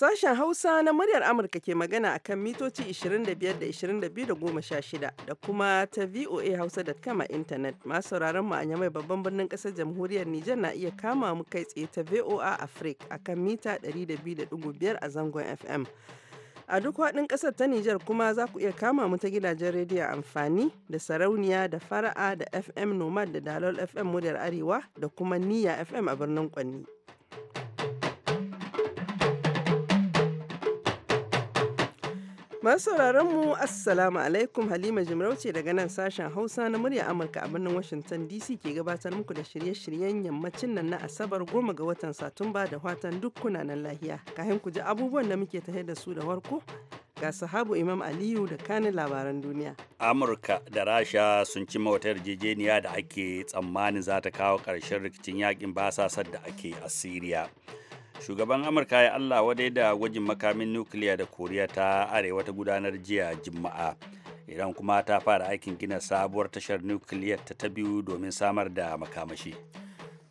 Sashen Hausa na muryar Amurka ke magana a kan mitoci 25 da 22 da 16 da kuma ta VOA da a intanet. Masu sauraron mu a nyamai babban birnin kasar jamhuriyar Nijar na iya kama mu kai tsaye ta VOA Africa kan mita 200.5 a zangon FM. A duk waɗin ƙasar ta Nijar kuma za ku iya kama mu ta gidajen rediyo amfani da sarauniya da fara'a da FM Nomad da Dalol FM muryar Arewa da kuma Niyya FM a birnin Kwanni. Masu mu Assalamu alaikum Halima Jimarauce daga nan sashen Hausa na murya Amurka a birnin Washington DC ke gabatar muku da shirye-shiryen yammacin nan na Asabar goma ga watan Satumba da watan duk kunanan lahiya. Kahin ku ji abubuwan da muke tahe da su da warko ga sahabu Imam Aliyu da kanin labaran duniya. Amurka da Rasha sun ci wata yarjejeniya da ake tsammanin za ta kawo karshen rikicin yakin basasar da ake a Siriya. shugaban amurka ya allah wadai da gwajin makamin nukiliya da koriya ta arewa ta gudanar jiya juma'a iran kuma ta fara aikin gina sabuwar tashar nukiliyar ta ta biyu domin samar da makamashi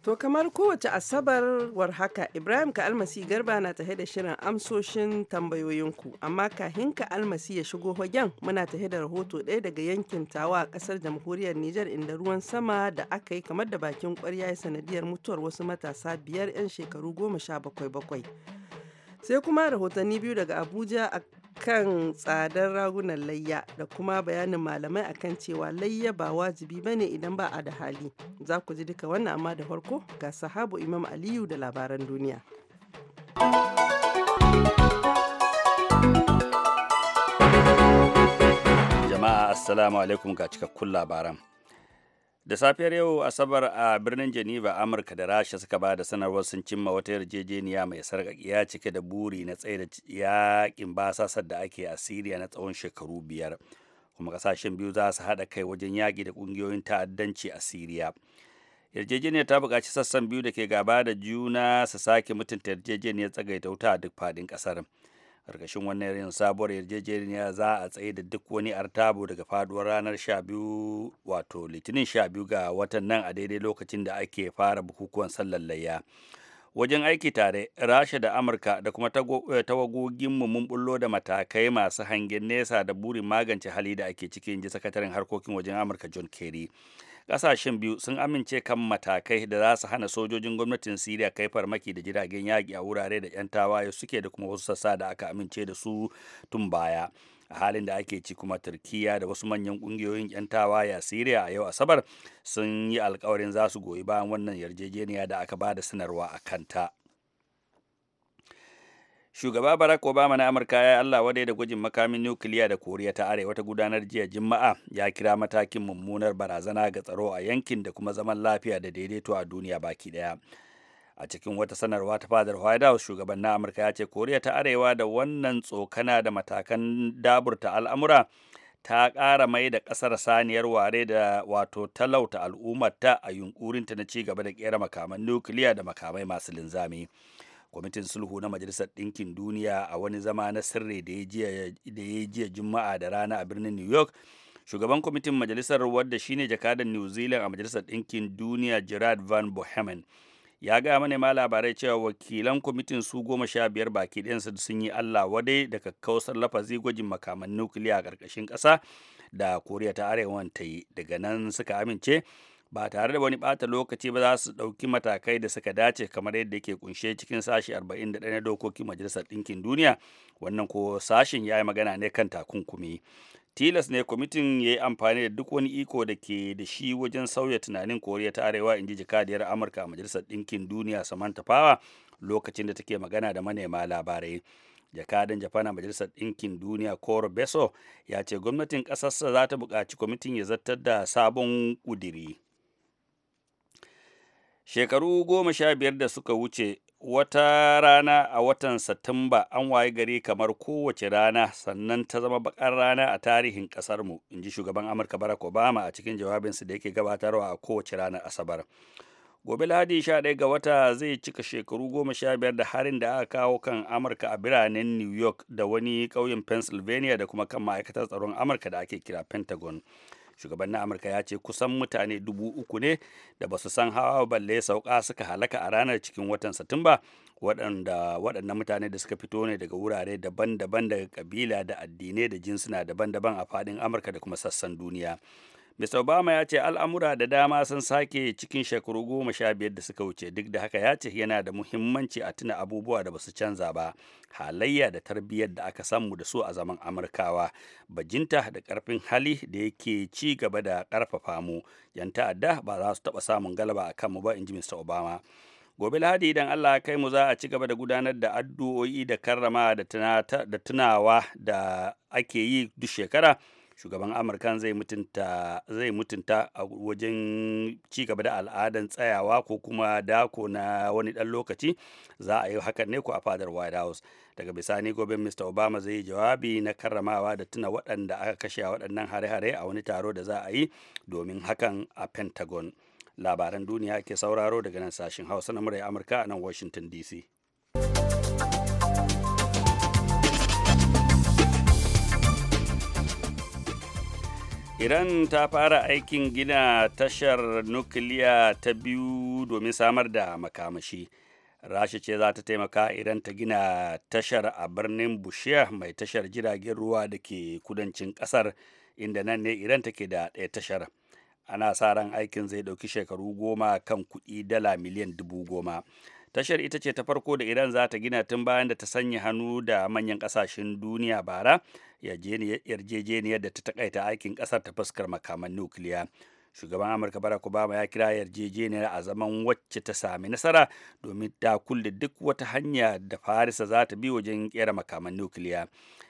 To kamar kowace asabar war haka Ibrahim ka almasi garba na tahe da shirin amsoshin tambayoyinku amma kahin ka almasi ya shigo hogen muna tahe da rahoto ɗaya daga yankin tawa a ƙasar jamhuriyar Nijar inda ruwan sama da aka yi kamar da bakin ƙwarya ya sanadiyar mutuwar wasu matasa biyar 'yan shekaru goma sha bakwai bakwai. Sai kuma rahotanni biyu daga Abuja a kan tsadar ragunan layya da kuma bayanin malamai akan cewa layya ba wajibi ba ne idan ba a da hali. Za ku ji duka wannan amma da farko ga sahabu Imam Aliyu da labaran duniya. Jama'a Assalamu alaikum ga cikakkun labaran. da safiyar yau asabar a birnin geneva amurka da rasha suka ba da sanarwar sun cimma wata yarjejeniya mai ya cike da buri na tsaye da yaƙin basasar da ake a siriya na tsawon shekaru biyar kuma kasashen biyu za su haɗa kai wajen yaƙi da ƙungiyoyin ta'addanci a siriya yarjejeniyar ta buƙaci sassan biyu da ke gaba da juna su sake mutunta yarjejeniyar tsagaita wuta a duk faɗin ƙasar karkashin wannan yin sabuwar yarjejeniya za a tsaye da duk wani artabo daga faduwar ranar 12 wato litinin 12 ga watan nan a daidai lokacin da ake fara bukukuwan sallar layya wajen aiki tare rasha da amurka da kuma eh, tawagoginmu mun bullo da matakai masu hangen nesa da burin magance hali da ake ciki ji sakataren harkokin wajen amurka john kerry ƙasashen biyu sun amince kan matakai da za su hana sojojin gwamnatin siriya kai farmaki da jiragen yaƙi a wurare da 'yan tawaye suke da kuma wasu sassa da aka amince da su tun baya a halin da ake ci kuma turkiya da wasu manyan ƙungiyoyin 'yan a siriya a yau asabar sun yi alkawarin za su goyi bayan wannan yarjejeniya da aka ba da sanarwa a kanta shugaba barack obama na amurka ya allah wadai da gwajin makamin nukiliya da koriya ta arewa ta gudanar jiya juma'a ya kira matakin mummunar barazana ga tsaro a yankin da kuma zaman lafiya da daidaito a duniya baki daya a cikin wata sanarwa ta fadar white house shugaban na amurka ya ce koriya ta arewa da wannan tsokana da matakan daburta al'amura ta ƙara mai da ƙasar saniyar ware da wato talauta al'ummarta a yunkurinta na ci gaba da ƙera makaman nukiliya da makamai masu linzami. kwamitin sulhu na majalisar ɗinkin duniya a wani zama na sirri da ya jiya juma'a da rana a birnin new york shugaban kwamitin majalisar wadda shine jakadan new zealand a majalisar ɗinkin duniya gerard van bohemen ya gaya manema labarai cewa wakilan kwamitin su goma sha biyar baki ɗayansa sun yi allah wadai da kakkausar lafazi gwajin makaman nukiliya a ƙarƙashin ƙasa da koriya ta arewan ta yi daga nan suka amince ba tare da wani bata lokaci ba za su ɗauki matakai da suka dace kamar yadda yake kunshe cikin sashi 41 na dokokin majalisar ɗinkin duniya wannan ko sashin ya yi magana ne kan takunkumi tilas ne kwamitin ya yi amfani da duk wani iko da ke da shi wajen sauya tunanin koriya ta arewa in ji jikadiyar amurka a majalisar ɗinkin duniya samantha power lokacin da take magana da manema labarai jakadan japan a majalisar ɗinkin duniya koro beso ya ce gwamnatin ƙasarsa za ta buƙaci kwamitin ya zartar da sabon ƙudiri shekaru goma sha biyar da suka wuce wata rana a watan satumba an waye gari kamar kowace rana sannan ta zama bakar rana a tarihin kasarmu in ji shugaban amurka barack obama a cikin jawabinsa da yake gabatarwa a kowace rana asabar gobe lahadi 11 ga wata zai cika shekaru goma sha biyar da harin da aka kawo kan amurka a biranen new york da wani ƙauyen pennsylvania da kuma kan ma'aikatar tsaron amurka da ake kira pentagon shugaban na amurka ya ce kusan mutane dubu uku ne da ba su san hawa balle sauka suka halaka a ranar cikin watan satumba waɗanda waɗannan mutane da suka fito ne daga wurare daban-daban daga kabila da addinai da jinsuna daban-daban a faɗin amurka da kuma sassan duniya Mr. Obama ya ce al'amura da dama sun sake cikin shekaru goma sha biyar da suka wuce duk da haka ya ce yana da muhimmanci a tuna abubuwa da basu canza ba halayya da tarbiyyar da aka samu da su a zaman Amurkawa bajinta da karfin hali da yake ci gaba da karfafa mu yan ta'adda ba za su taɓa samun galaba a kanmu ba in ji Mr. Obama. gobe lahadi idan Allah kai mu za a ci gaba da gudanar da addu'o'i da karrama da tunawa da ake yi duk shekara shugaban amurkan zai mutunta a wajen ci gaba da al'adan tsayawa ko kuma dako na wani dan lokaci za a yi hakan ne ko a fadar white house daga bisani gobe mr obama zai yi jawabi na karramawa da tuna waɗanda aka kashe waɗannan hare-hare a wani taro da za a yi domin hakan a pentagon labaran duniya ke sauraro daga nan sashen hausa na murai amurka a nan washington dc Iran ta fara aikin gina tashar nukiliya ta biyu domin samar da makamashi. Rasha ce za ta taimaka Iran ta gina tashar a birnin bushiya mai tashar jiragen ruwa da ke kudancin kasar inda nan ne Iran take da ɗaya tashar. Ana sa ran aikin zai ɗauki shekaru goma kan kuɗi dala miliyan dubu goma. tashar ita ce ta farko da iran za ta gina tun bayan da ta sanya hannu da manyan kasashen duniya bara yarjejeniyar da ta takaita aikin kasar ta fuskar makaman nukiliya shugaban amurka barack obama ya kira yarjejeniyar a zaman wacce ta sami nasara domin ta kulle duk wata hanya da farisa za ta bi wajen kera makaman nukiliya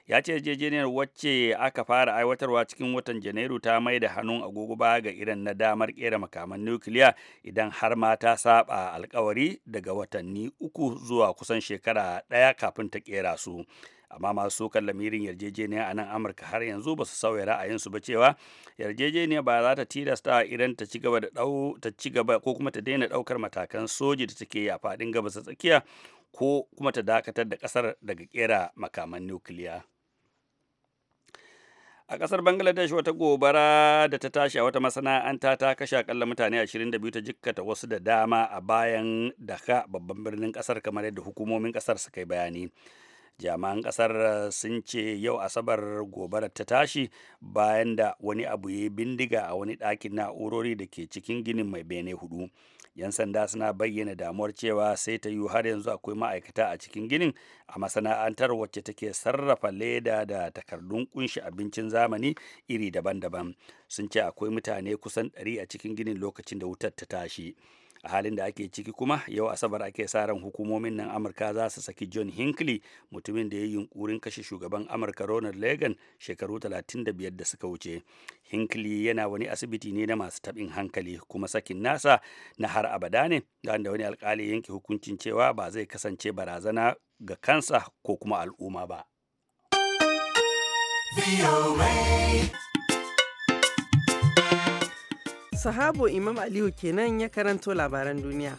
ya ce yarjejeniyar wacce aka fara aiwatarwa cikin watan janairu ta mai da hannun agogo ba ga irin na damar kera makaman nukiliya idan har ma ta saba alkawari daga watanni uku zuwa kusan shekara ɗaya kafin ta kera su amma masu kan lamirin yarjejeniya a nan amurka har yanzu ba su sauya ra'ayinsu ba cewa yarjejeniya ba za ta tilasta idan ta ci gaba da ta ci ko kuma ta daina daukar matakan soji da take yi a fadin gabas tsakiya ko kuma ta dakatar da kasar daga kera makaman nukiliya. A ƙasar Bangladesh wata gobara da ta tashi a wata masana'anta ta kashe akalla mutane 22 ta jikkata wasu da dama a bayan ka babban birnin ƙasar kamar yadda hukumomin ƙasar suka yi bayani. Jami'an ƙasar sun ce yau Asabar gobarar ta tashi bayan da wani abu ya bindiga a wani ɗakin na'urori da ke cikin ginin mai bene hudu. 'yan sanda suna bayyana damuwar cewa sai ta yiwu har yanzu akwai ma'aikata a cikin ginin a masana'antar wacce take sarrafa leda da takardun kunshi abincin zamani iri daban-daban sun ce akwai mutane kusan 100 a cikin ginin lokacin da wutar ta tashi a halin da ake ciki kuma yau asabar ake sa ran hukumomin nan amurka za su saki john hinckley mutumin da ya yi yunkurin kashe shugaban amurka ronald reagan shekaru 35 da suka wuce hinckley yana wani asibiti ne na masu taɓin hankali kuma sakin nasa na har abada ne da wani alkali yanke hukuncin cewa ba zai kasance barazana ga kansa ko kuma al'umma ba. Sahabo Imam Aliyu kenan ya karanto labaran duniya.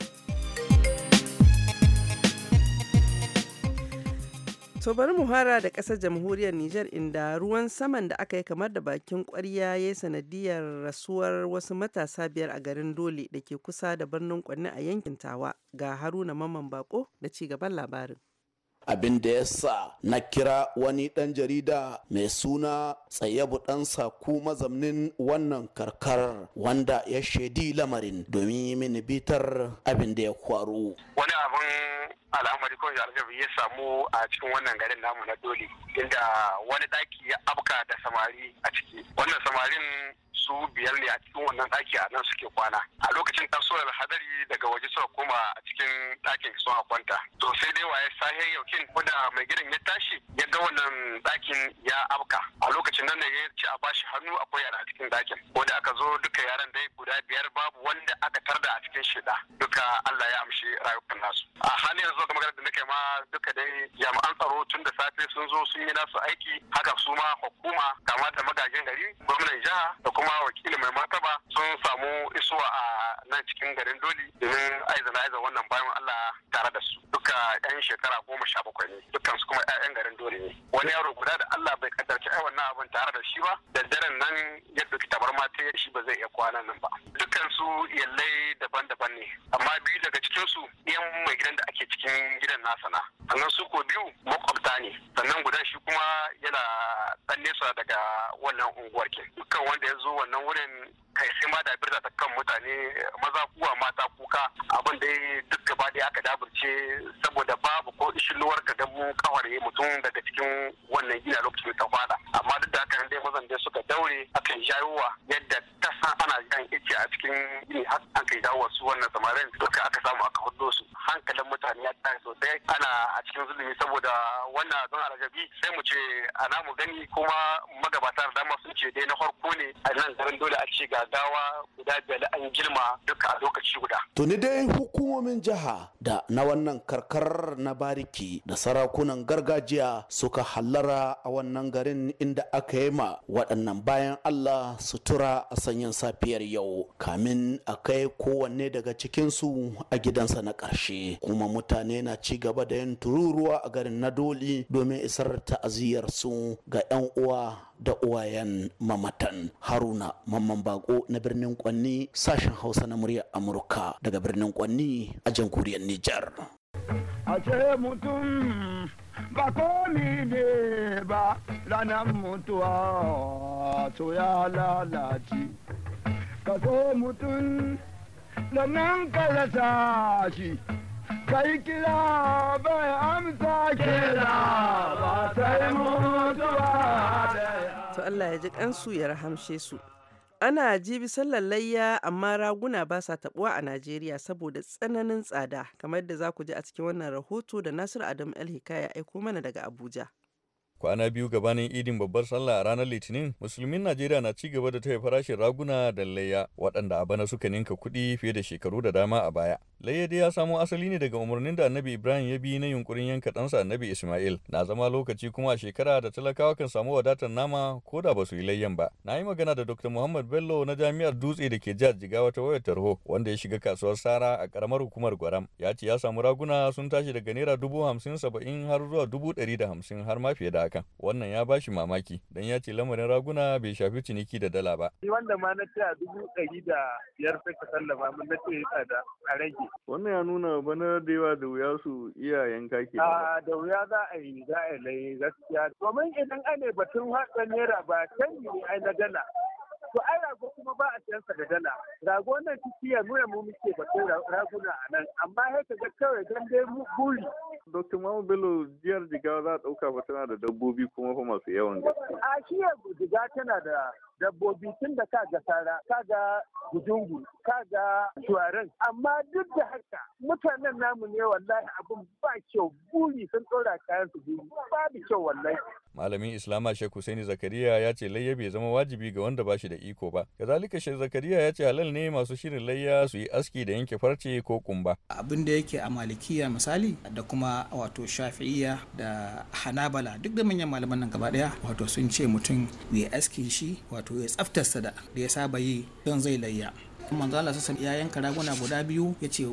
To bari mu da ƙasar jamhuriyar Nijar inda ruwan saman da aka yi kamar da bakin ƙwarya ya yi sanadiyar rasuwar wasu matasa biyar a garin Dole da ke kusa da birnin Kwanni a yankin Tawa ga Haruna maman Bako da ci gaban labarin. abin da ya sa na kira wani ɗan jarida mai suna tsayabu ɗan saku mazamnin wannan karkar wanda ya shaidi lamarin domin yi mini bitar abin da ya kwaru wani abin al'amari ko Aljabi ya samu a cikin wannan garin namu na dole inda wani daki ya abka da samari a ciki wannan samarin su biyar ne a cikin wannan daki a nan suke kwana a lokacin tasowar hadari daga waje suka koma a cikin ɗakin sun a kwanta to sai dai waye sahe yaukin da mai gidan ya tashi ya ga wannan dakin ya abka a lokacin nan ne ya ce a bashi hannu akwai yara a cikin ɗakin ko da aka zo duka yaran dai guda biyar babu wanda aka tarda a cikin shida duka Allah ya amshi rayukan nasu porque yake ma duka dai jami'an tsaro tun da safe sun zo sun yi nasu aiki haka su ma hukuma kamata magajin gari gwamnan jiha da kuma wakili mai martaba sun samu isuwa a nan cikin garin doli domin aizana aiza wannan bayan allah tare da su duka yan shekara goma sha bakwai ne dukkan su kuma 'ya'yan garin doli ne wani yaro guda da allah bai kaddarci ai wannan abin tare da shi ba da daren nan ya ɗauki ma ta shi ba zai iya kwana nan ba dukkan su yallai daban-daban ne amma biyu daga cikin su yan mai gidan da ake cikin gidan na na sana sannan su ko biyu makwabta ne sannan gudan shi kuma yana dan nesa daga wannan unguwar ke dukkan wanda ya zo wannan wurin kai sai ma da birta ta kan mutane maza kuwa mata kuka abin da duk gaba da aka daburce saboda babu ko ishilluwar ka mu kawarye mutum daga cikin wannan gina lokacin ta fada amma duk da haka dai mazan dai suka daure akan jayowa yadda ta san ana jan ice a cikin gini har aka jawo su wannan samarin duka aka samu aka hudo su hankalin mutane ya tsaya sosai ana a cikin zulumi saboda wannan zon alagabi sai mu ce ana mu gani kuma magabata da dama sun ce dai na farko ne a nan garin dole a ce ga gawa guda biyar an girma duka a lokaci guda. To ni dai hukumomin jiha da na wannan karkar na bariki da sarakunan gargajiya suka hallara a wannan garin inda aka yi ma waɗannan bayan Allah sutura a sanyin safiyar yau kamin a kai kowanne daga cikinsu a gidansa na ƙarshe. kuma mutane na ci gaba da yin tururuwa a garin na doli domin isar ta'aziyar su ga 'yan uwa da uwayen mamatan haruna mamman bako na birnin kwanni sashen hausa na muryar amurka daga birnin kwanni a jamhuriyar nijar mutum ba komi ne ba ranar mutuwa to ya lalace ka so mutum da nan ka rasa shi kai kira bai amsa kira ba sai mutuwa to Allah ya ji kansu ya rahamshe su ana jibi sallar layya amma raguna ba sa tabuwa a Najeriya saboda tsananin tsada kamar da za ku ji a cikin wannan rahoto da Nasiru Adam El Hikaya aiko mana daga Abuja. kwana biyu gabanin idin babbar sallah a ranar litinin musulmin najeriya na ci gaba da taya farashin raguna da layya waɗanda a bana suka ninka kuɗi fiye da shekaru da dama a baya Layya dai ya samo asali ne daga umarnin da Annabi Ibrahim ya bi na yunkurin yanka ɗansa Annabi Ismail. Na zama lokaci kuma a shekara da talakawa kan samu wadatar nama ko da ba su yi layyan ba. Na yi magana da Dr. Muhammad Bello na Jami'ar Dutse da ke jihar Jigawa ta wayar tarho wanda ya shiga kasuwar Sara a ƙaramar hukumar Gwaram. Ya ce ya samu raguna sun tashi daga naira dubu hamsin saba'in har zuwa dubu ɗari da hamsin har ma fiye da hakan. Wannan ya ba shi mamaki dan ya ce lamarin raguna bai shafi ciniki da dala ba. Wanda ma na ce a dubu ɗari da biyar sai ka sallama mun na ce yana da a rage. wannan ya nuna bana da yawa da wuya su iyayen kake ah, da wuya za a yi za a gaskiya domin idan ane batun hatsa naira ba can ne ai na dala to ai rago kuma ba a siyansa da dala rago nan ciki ya nuna mu muke batun raguna a nan amma sai ka ga kawai dan dai buri Dr. Mamu Bello jiyar jigawa za a ɗauka fa tana da dabbobi kuma fa masu yawan gaske. A ah, shi jiga tana da dabbobi tun da kaga sara kaga gudungu kaga shuwaren amma duk da haka mutanen namu ne wallahi abin ba kyau buri sun tsora kayan su buri babu kyau wallahi malamin islama shek husaini zakariya ya ce layya bai zama wajibi ga wanda ba shi da iko ba kazalika shek zakariya ya ce halal ne masu shirin layya su yi aski da yanke farce ko kumba abin da yake a malikiya misali da kuma wato shafi'iya da hanabala duk da manyan malaman nan gaba daya wato sun ce mutum ya aski shi wato ya da ya saba yi don zai layya manzo Allah sassan ya yanka raguna guda biyu ya ce eh,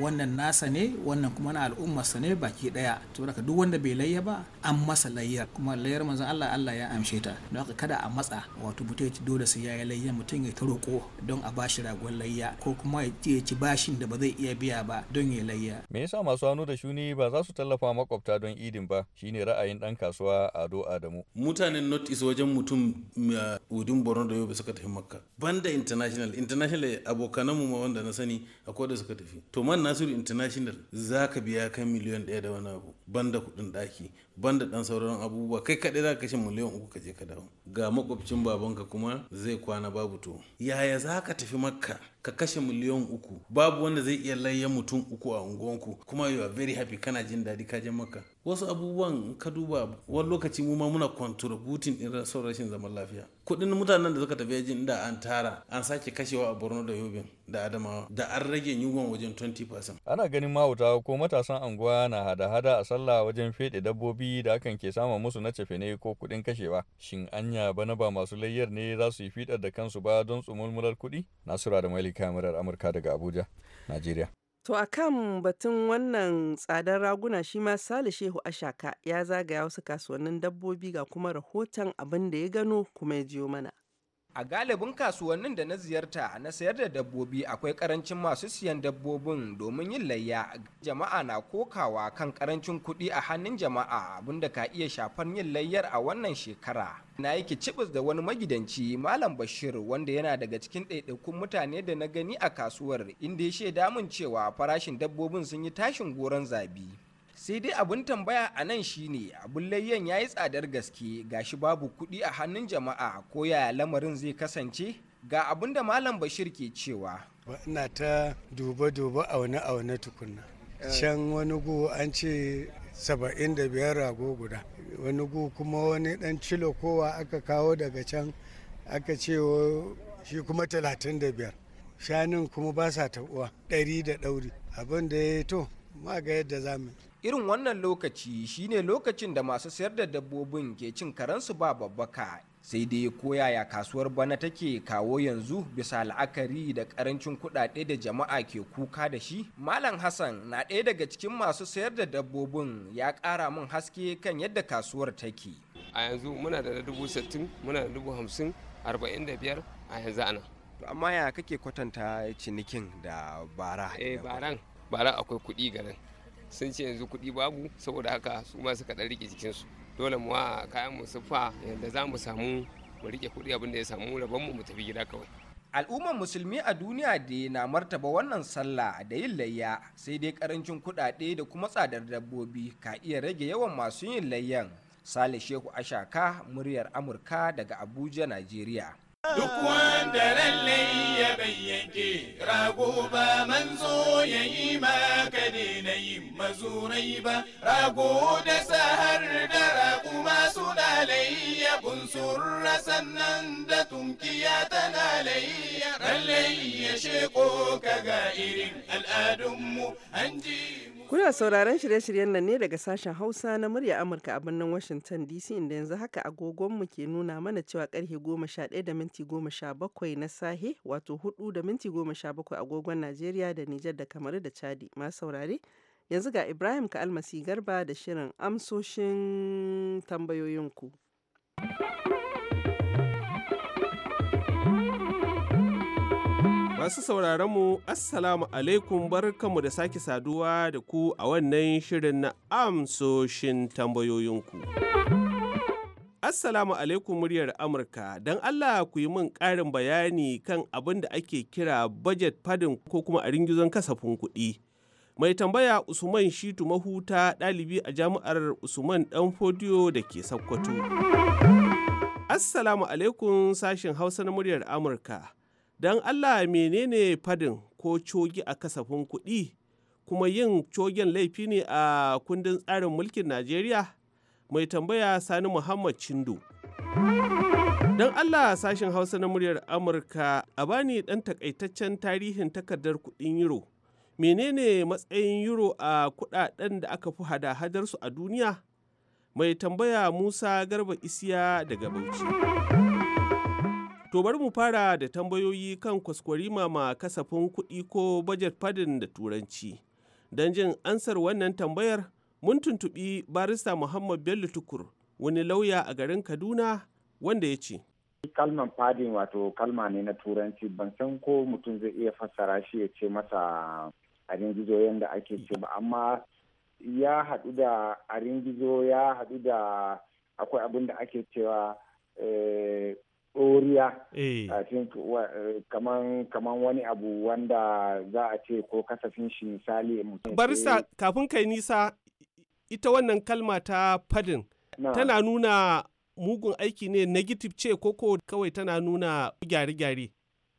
wannan nasa ne wannan kuma na al'ummarsa ne baki daya to daga duk wanda bai layya ba an masa layya kuma layyar manzo Allah Allah ya amshe ta don haka kada a matsa wato mutum ya dole sai ya yi layya mutum ya ta ko don a bashi ragon layya ko kuma ya ci bashin da ba zai iya biya ba don ya layya me yasa masu hannu da shuni ba za su tallafa makwabta don idin ba shine ra'ayin dan kasuwa Ado Adamu mutanen North East wajen mutum eh, udin Borno da Yobe suka tafi Makka banda international international abokanan abokananmu ma wanda na sani akwai da suka tafi to man nasiru international za ka biya kan miliyan ɗaya da wani abu banda kuɗin ɗaki banda ɗan sauran abubuwa kai kaɗai za ka kashe miliyan uku ka je ka dawo ga makwabcin babanka kuma zai kwana babu to yaya za ka tafi makka ka kashe miliyan uku babu wanda zai iya layyan mutum uku a unguwanku kuma you are very happy kana jin daɗi ka je maka wasu abubuwan ka duba wani lokaci mu ma muna contributing din son rashin zaman lafiya kuɗin mutanen da suka tafi yajin da an tara an sake kashewa a borno da yobe da adamawa da an rage yunwan wajen 20% ana ganin mahauta ko matasan anguwa na hada-hada a sallah wajen fede dabbobi da akan ke sama musu na ne ko kudin kashewa shin anya bana ba masu layyar ne za su yi fidar da kansu ba don tsumulmular kuɗi nasura da malik Amurka murar Amurka daga Abuja, Najeriya. To a kan batun wannan tsadar raguna shi ma Sale Shehu Ashaka ya zagaya wasu kasuwannin dabbobi ga kuma rahoton abin da ya gano kuma ya jiyo mana. a galibin kasuwannin da na ziyarta na sayar da dabbobi akwai karancin masu siyan dabbobin domin yin layya jama'a na kokawa kan karancin kuɗi a hannun jama'a abinda ka iya shafar yin layyar a wannan shekara na yi kicibis da wani magidanci malam bashir wanda yana daga cikin ɗaiɗaikun mutane da na gani a kasuwar inda ya shaida mun cewa farashin dabbobin sun yi tashin goron zabi sai dai abin tambaya a nan shine abin layyan ya yi tsadar gaske gashi babu kuɗi a hannun jama'a ko yaya lamarin zai kasance ga abin da malam bashir ke cewa ina ta dube-dube aune-aune tukunna eh. can wani gu an ce 75 da biyar rago guda wani gu kuma wani dan cilo kowa aka kawo daga can aka ce shi kuma 35 shanin kuma ba sa tabuwa ɗari da ɗauri abin da ya to ma ga yadda zamu irin wannan lokaci shine lokacin da masu sayar da dabbobin ke cin karansu ba babbaka sai dai koya ya kasuwar bana take kawo yanzu bisa la'akari da karancin kudade da jama'a ke kuka da shi malam hassan na ɗaya daga cikin masu sayar da dabbobin ya ƙara min haske kan yadda kasuwar take a yanzu muna da dubu sittin muna da dubu hamsin arba'in da biyar a yanzu ana amma ya kake kwatanta cinikin da bara eh baran bara akwai kuɗi garin sun ce yanzu kuɗi babu saboda haka su ma suka ɗan rike jikinsu dole mu wa kayan mu sufa yadda za mu samu mu riƙe kuɗi abin da ya samu rabon mu mu tafi gida kawai al'ummar musulmi a duniya da na martaba wannan sallah da yin layya sai dai karancin kuɗaɗe da kuma tsadar dabbobi ka iya rage yawan masu yin layyan sale shehu ashaka muryar amurka daga abuja nigeria. Duk wanda lallai ya bayyanke rago ba manzo ya yi maka ne na yi mazurai ba rago da sahar da rago masu bunsur sannan da tunkiya tana layya lallai ya sheko ka irin al'adunmu an ji Kuna sauraron shirye-shiryen nan ne daga sashen Hausa na murya Amurka a birnin Washington DC inda yanzu haka agogonmu ke nuna mana cewa karfe ɗaya da minti 17 na sahe wato hudu da minti 17 agogon Najeriya da Nijar da Kamaru da Chadi. Masu saurare, yanzu ga Ibrahim Ka'almasi Garba da shirin amsoshin tambayoyinku. Masu sauraron mu Assalamu alaikum barkanmu da sake saduwa da ku a wannan shirin na amsoshin tambayoyinku. Assalamu alaikum muryar Amurka don Allah ku yi min ƙarin bayani kan abin da ake kira budget padding ko kuma a ringizon kasafin kuɗi. mai tambaya usman shitu mahuta ɗalibi a jami'ar usman dan fodiyo da ke sakkwato assalamu alaikum sashen hausa na muryar amurka don allah menene fadin ko cogi a kasafin kuɗi kuma yin cogen laifi ne a kundin tsarin mulkin najeriya mai tambaya sani muhammad chindo don allah sashen hausa na muryar amurka a bani ɗan takaitaccen tarihin takardar kuɗin euro menene matsayin euro a kudaden da aka fi hada su a duniya mai tambaya musa garba isiya daga bauchi to bari mu fara da tambayoyi kan kwaskwari ma kasafin kuɗi ko bajet fadin da turanci don jin ansar wannan tambayar mun tuntuɓi barista muhammad bello tukur wani lauya a garin kaduna wanda ya ce kalman fadin wato kalma ne na turanci ban san ko mutum zai iya fassara shi ya ce masa arin gizo yadda ake ce ba amma ya haɗu da arin gizo ya haɗu da akwai abin da ake cewa eh, ɗoriya eh. Eh, kaman kaman wani abu wanda za a ce ko kasafin shi misali mutum barista kafin kai nisa ita wannan kalma ta fadin tana nuna mugun aiki ne negative ce koko kawai tana nuna gyare-gyare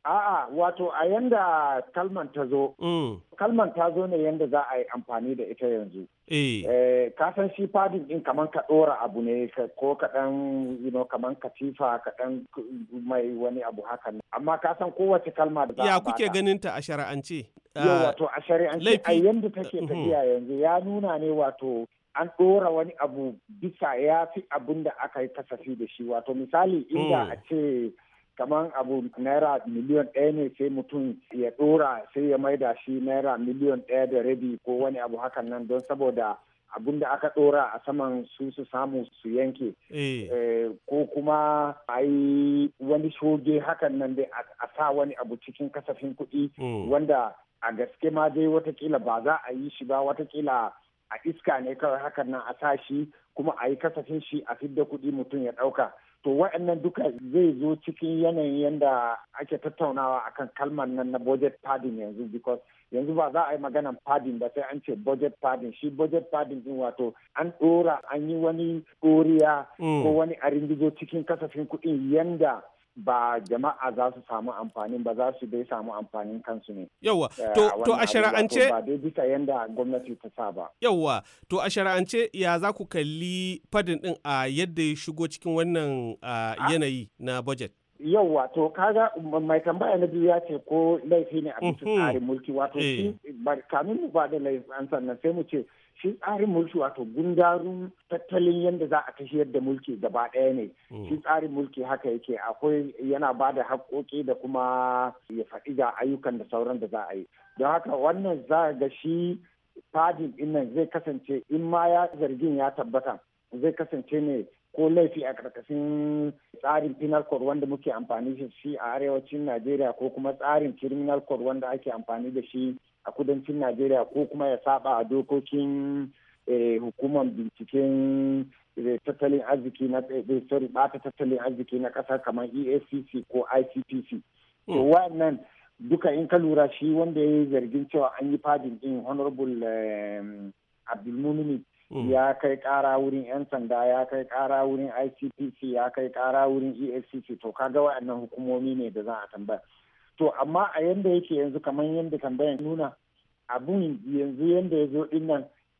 A'a, wato a yanda kalman ta zo, mm. kalman ta zo ne yanda za a yi amfani da ita yanzu. Eh. Eh, ka san shi fadin din kaman ka ɗora abu ne ko kaɗan you know, kaman katifa kaɗan mai wani abu hakan. Amma ka san kowace kalma da za a Ya kuke ganin ta a shari'ance? Ah, wato a shari'ance a yanda take mm-hmm. tafiya yanzu ya nuna ne wato an ɗora wani abu bisa ya fi abin da aka yi kasafi da shi wato misali inda mm. a ce kamar abu naira miliyon ɗaya ne sai mutum ya ɗora sai ya maida shi naira miliyon ɗaya da rabi ko wani abu hakan nan don saboda abun da aka ɗora a saman su su samu su yanke eh. Eh, ko kuma a yi wani shoge hakan nan dai a sa wani abu cikin kasafin kuɗi hmm. wanda a gaske ma dai watakila ba za a yi shi ba watakila a iska ne kawai hakan nan a sa shi kuma a yi kasafin shi a fidda kuɗi mutum ya ɗauka to wa'annan duka zai zo cikin yanayin yadda ake tattaunawa akan kalmar nan na budget padding yanzu because yanzu ba za a yi maganan padding ba sai an ce budget padding shi budget padding din wato an dora an yi wani ɗoriya mm. ko wani aringizo cikin kasafin kuɗin yanda ba jama'a za su samu amfanin ba za su dai samu amfanin kansu ne. Yawwa, eh, to a shara'ance... Ba dai bisa yadda gwamnati ta sa ba. Yawwa, to a shara'ance ya za ku kalli fadin din a yadda ya shigo cikin wannan yanayi na budget? Yawwa, to kaga mai tambaya na biyu ya ce ko laifi ne a bisa tsarin mulki wato eh. shi kamin mu ba da laifin sannan sai mu ce shi tsarin mulki wato gundarun tattalin yadda za a tafiyar da mulki gaba ɗaya ne mm. shi tsarin mulki haka yake akwai yana ba da haƙoƙi da kuma ya faɗi ga ayyukan da sauran da za a yi don haka wannan za ga shi fadin ɗin zai kasance in ma ya zargin ya tabbata zai kasance ne ko laifi a ƙarƙashin tsarin penal code wanda muke amfani da shi a arewacin najeriya ko kuma tsarin criminal code wanda ake amfani da shi a kudancin najeriya ko kuma ya saba a dokokin eh, hukumar binciken eh, tattalin arziki na eh, sorry bata tattalin arziki na kasa kamar efcc ko icpc to hmm. wannan duka in ka lura shi wanda ya yi zargin cewa an yi fadin din honorable ehm, abdulmumini hmm. ya kai kara wurin 'yan sanda ya kai kara wurin icpc ya kai kara wurin efcc to kaga wa'annan hukumomi ne da za a tambaya to amma a yanda yake yanzu kamar yanda tambayan nuna abin yanzu yanda ya zo din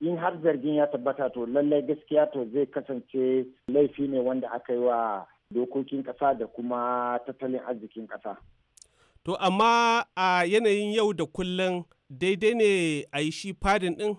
in har zargin ya tabbata to lallai gaskiya to zai kasance laifi ne wanda aka yi wa dokokin kasa da kuma tattalin arzikin kasa to amma a yanayin yau da kullum daidai ne a yi shi fadin din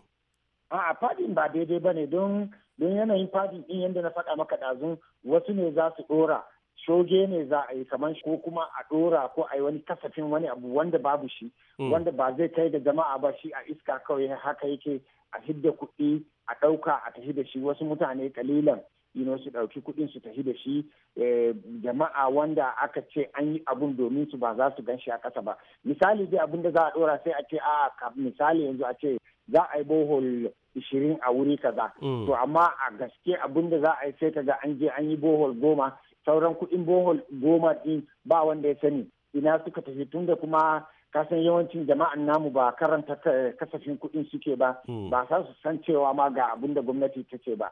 a fadin ba daidai ba ne don yanayin fadin din yanda na faɗa maka ɗazun wasu ne za su ɗora soje ne za a yi kamar ko kuma a ɗora ko a yi wani kasafin wani abu wanda babu shi hmm. wanda ba zai kai da jama'a ba shi a iska kawai haka yake a hidda kuɗi a ɗauka a tafi da shi wasu mutane kalilan ino su ɗauki kuɗin su tafi da shi eh, jama'a wanda aka ce an yi abun domin su ba za su gan shi a ƙasa ba misali dai abin da za a ɗora sai a ce a misali yanzu a ce za a yi bohol ishirin a wuri kaza hmm. to amma a gaske abin da za a yi sai kaga an je an yi bohol goma sauran kuɗin bohol goma ɗin ba wanda ya sani ina suka tafi tun da kuma kasan yawancin jama'an namu ba karanta kasafin kuɗin suke ba hmm. ba sa su san cewa ma ga abin da gwamnati ta ce ba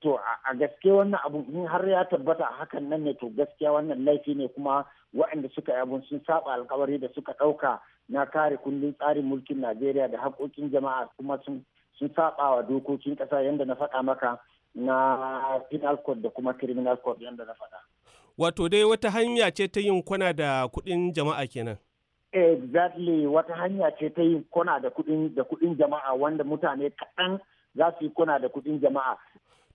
to a gaske wannan abu in har ya tabbata hakan nan ne to gaskiya wannan laifi ne kuma waɗanda suka yi abun sun saba alkawari da suka ɗauka na kare kundin tsarin mulkin najeriya da haƙoƙin jama'a kuma sun saba wa dokokin ƙasa yadda na faɗa maka na penal code da kuma criminal code yadda na faɗa. Wato dai wata hanya ce ta yin kwana da kuɗin jama'a kenan. Exactly wata hanya ce ta yin kwana da kuɗin da kuɗin jama'a wanda mutane kaɗan za su yi kwana da kuɗin jama'a.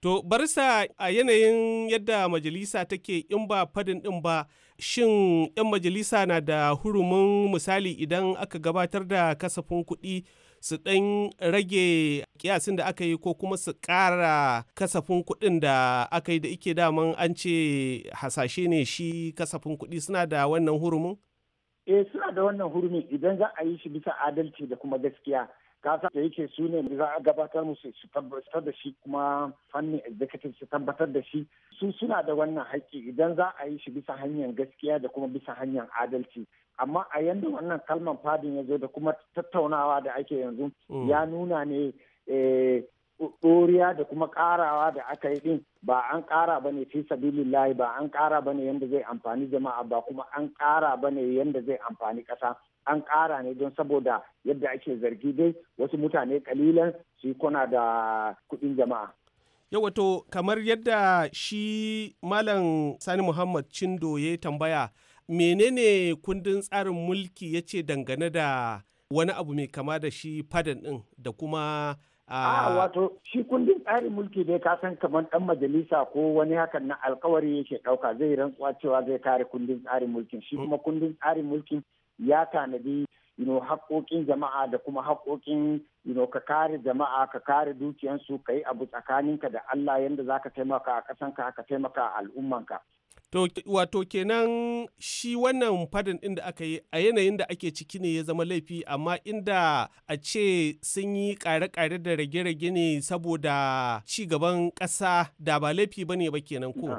To barsa a yanayin yadda majalisa take in ba fadin ɗin ba shin 'yan majalisa na da hurumin misali idan aka gabatar da kasafin kuɗi su ɗan rage kiyasin da aka yi ko kuma su ƙara kasafin kuɗin da aka yi da ike daman an ce hasashe ne shi kasafin kuɗi suna da wannan hurumin? Eh suna da wannan hurumin idan za a yi shi bisa adalci da kuma gaskiya. kasa da yake su ne za a gabatar musu su tabbatar da shi kuma fannin executive su tabbatar da shi su suna da wannan haƙƙi idan za a yi shi bisa hanyar gaskiya da kuma bisa hanyar adalci amma a yadda wannan kalman fadin ya zo da kuma tattaunawa da ake yanzu mm. ya nuna ne eh, ɗoriya da kuma ƙarawa da aka yi ɗin ba an ƙara ba ne fi sabilillahi ba an kara ba ne yadda zai amfani jama'a ba kuma an ƙara ba ne yadda zai amfani ƙasa an ƙara ne don saboda yadda ake zargi dai wasu mutane ƙalilan su kuna da kuɗin jama'a. wato kamar yadda shi Malam Sani Muhammad Chindo ya tambaya menene kundin tsarin mulki ya ce dangane da wani abu mai kama da shi fadan din da kuma a ah, wato shi kundin tsarin mulki dai ka san kamar dan majalisa ko wani hakan na alkawari yake dauka zai rantsuwa cewa zai kare kundin tsarin mulkin shi kuma kundin tsarin mulkin ya tanadi you haƙoƙin jama'a da kuma haƙoƙin you ka kare jama'a ka kare dukiyansu ka yi abu tsakaninka da Allah yadda za ka taimaka a ƙasanka ka taimaka a al'ummanka To wato kenan shi wannan fadin ɗin da aka yi a yanayin da ake ciki ne ya zama laifi amma inda a ce sun yi kare kare da rage-rage ne saboda ci gaban ƙasa da ba laifi ba ne ba kenan ko.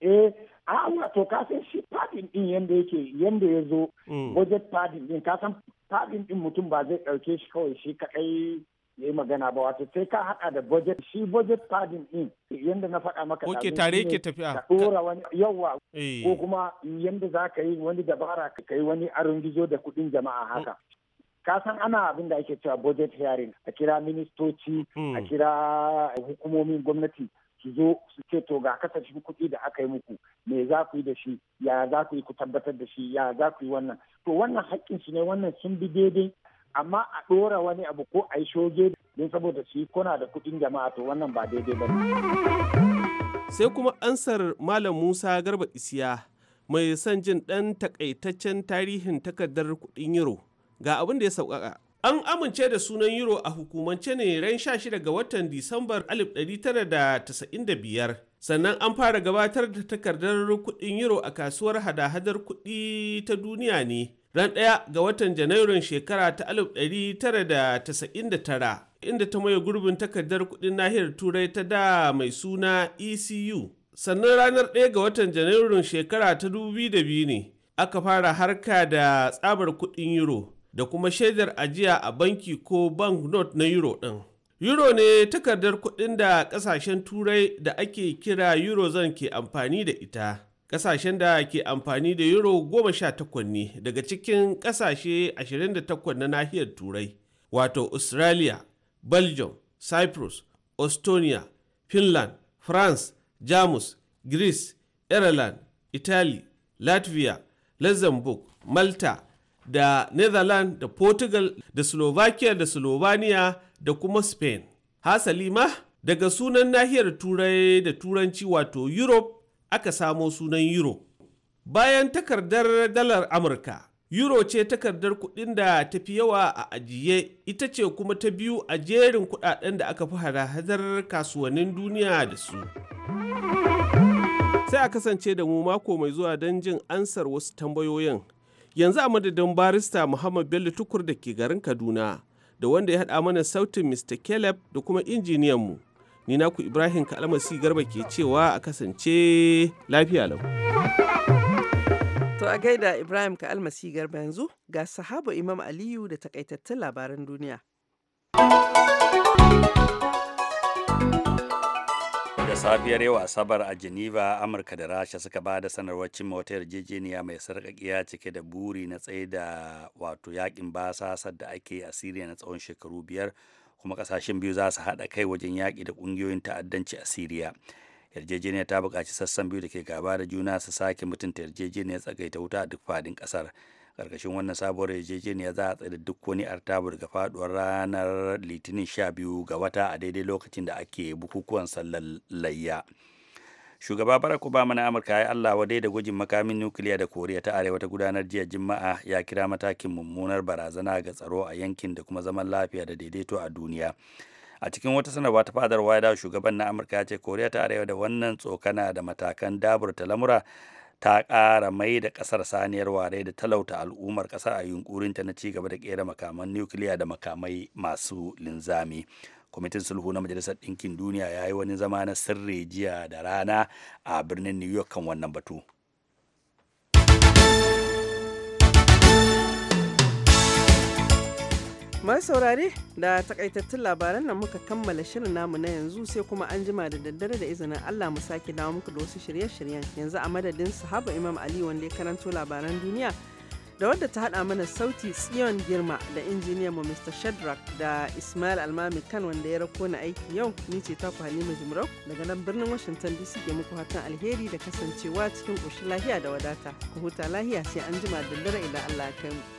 Eh, a wato kasan shi fadin ɗin yadda yake yadda ya zo wajen mm. fadin ɗin kasan fadin ɗin mutum ba zai ɗauke shi kawai shi kaɗai ya yi magana ba wato sai ka haɗa da budget shi budget padding din yadda na faɗa maka ok tare yake tafiya ka wani yawa eh. ko kuma yadda za ka yi wani dabara ka kai wani aron gizo da kuɗin jama'a haka ka san ana abin da ake cewa budget hearing a kira ministoci a hmm. kira hukumomin gwamnati su zo su ce to ga kasashen kuɗi da aka yi muku me za ku yi da shi ya za ku yi ku tabbatar da shi ya za ku yi wannan to wannan haƙƙin su ne wannan sun bi daidai amma a ɗora wani abu ko a yi shoge don saboda su yi kuna da kuɗin jama'a to wannan ba daidai ba sai kuma ansar malam musa garba isiya mai son jin ɗan takaitaccen tarihin takardar kuɗin euro ga abin da ya sauƙaƙa an amince da sunan euro a hukumance ne ran sha shida ga watan disambar alif ɗari tara da da biyar, sannan an fara gabatar da takardar kuɗin euro a kasuwar hada-hadar kuɗi ta duniya ne ran ɗaya ga watan janairun shekara ta 1999 inda ta maye gurbin takardar kudin nahiyar turai ta da mai suna ecu sannan ranar ɗaya ga watan janairun shekara ta 2002 ne aka fara harka da tsabar kudin euro da kuma shaidar ajiya a banki ko bank banknote na euro ɗin euro ne takardar kudin da ƙasashen turai da ake kira eurozone ke amfani da ita Ƙasashen da ke amfani da Euro goma sha ne daga cikin ƙasashe 28 na nahiyar Turai, wato Australia, Belgium, Cyprus, Estonia, Finland, France, Jamus, Greece, Ireland, Italy, Latvia, Luxembourg, Malta, da Netherlands, da Portugal, da Slovakia, da Slovenia, da kuma Spain. Hasali ma daga sunan nahiyar Turai da Turanci wato Europe aka samo sunan euro bayan takardar dalar amurka euro ce takardar kuɗin da ta fi yawa a ajiye ita ce kuma ta biyu a jerin kuɗaɗen da aka fi hada-hadar kasuwannin duniya da su sai a kasance da mu mako mai zuwa don jin ansar wasu tambayoyin yanzu a madadin barista muhammad bello tukur da ke garin kaduna da wanda ya haɗa mana sautin mr caleb da kuma injiniyanmu ni naku ibrahim kalmasi garba ke cewa a kasance lafiya lau to a gaida ibrahim kalmasi garba yanzu ga sahaba imam aliyu da takaitattun labaran duniya da safiyar yau asabar a geneva amurka da rasha suka ba da sanarwar cimma wata yarjejeniya mai sarƙaƙiya cike da buri na tsaye da wato yaƙin basasar da ake a syria na tsawon shekaru biyar kuma kasashen biyu za su haɗa kai wajen yaƙi da ƙungiyoyin ta'addanci a siriya yarjejeniya ta buƙaci sassan biyu da ke gaba da juna su sake mutunta yarjejeniyar tsagaita wuta a duk fadin ƙasar karkashin wannan sabuwar yarjejeniya za a tsaye duk wani artabu ga faduwar ranar litinin sha biyu ga wata a daidai lokacin da ake bukukuwan sallar layya. shugaba barack obama na amurka ya allah wadai da gwajin makamin nukiliya da koriya ta arewa ta gudanar jiya juma'a ya kira matakin mummunar barazana ga tsaro a yankin da kuma zaman lafiya da daidaito a duniya a cikin wata sanarwa ta fadar white shugaban na amurka ya ce koriya ta arewa da wannan tsokana da matakan ta lamura ta ƙara mai da kasar saniyar ware da talauta al'ummar ƙasa a yunkurinta na ci gaba da ƙera makaman nukiliya da makamai masu linzami kwamitin sulhu na majalisar ɗinkin duniya ya yi wani zama na sirri jiya da rana a birnin new york kan wannan batu Mai saurare da takaitattun labaran nan muka kammala shirin namu na yanzu sai kuma an jima da daddare da izinin Allah mu sake dawo muku da wasu shirye-shiryen yanzu a madadin sahaba Imam Ali wanda ya karanto labaran duniya da wadda ta hada mana sauti tsiyon girma da injiniyan mu Mr. Shadrack da Ismail Almami kan wanda ya rako na aiki yau ni ce ta Halima Jimrau daga nan birnin Washington DC ke muku hatan alheri da kasancewa cikin ƙoshin lahiya da wadata ku huta lahiya sai an jima da dare idan Allah ya kai mu